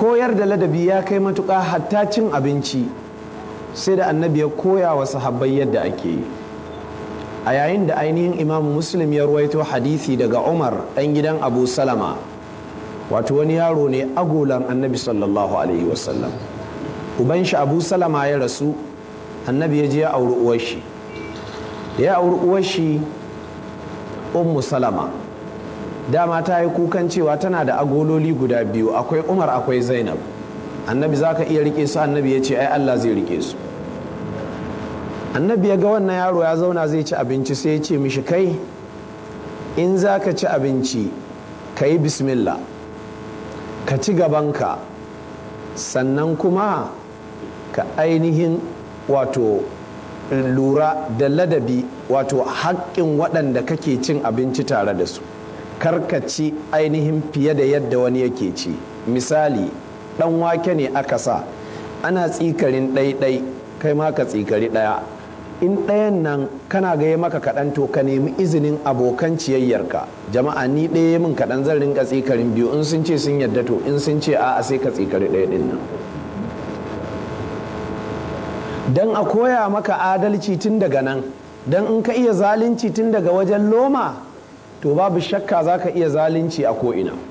koyar da ladabi ya kai matuka hatta cin abinci sai da annabi ya koya wa sahabbai yadda ake yi a yayin da ainihin imam muslim ya ruwaito hadisi daga umar ɗan gidan abu salama wato wani yaro ne agolan annabi sallallahu alaihi wasallam uban shi abu salama ya rasu annabi ya je ya auri uwar shi da ya auri uwar shi ummu salama dama ta yi kukan cewa tana da agololi guda biyu akwai umar akwai zainab annabi za ka iya rike su annabi ya ce ai allah zai rike su annabi ya ga wannan yaro ya zauna zai ci abinci sai ya ce mishi kai in za ka ci abinci ka yi bismillah ka ci gabanka sannan kuma ka ainihin wato lura da ladabi wato haƙƙin waɗanda kake cin abinci tare da su karkaci ainihin fiye da yadda wani yake ci misali ɗan wake ne aka sa ana tsikarin ɗaiɗai kai ma ka tsikari ɗaya in ɗayan nan kana gaya maka kaɗan to ka nemi izinin abokan ciyayyarka jama'a ni ɗaya min kaɗan zan rinka tsikarin biyu in sun ce sun yadda to in sun ce a'a sai ka tsikari ɗaya ɗin nan don a koya maka adalci tun daga nan don in ka iya zalunci tun daga wajen loma to babu shakka zaka iya zalunci a ko'ina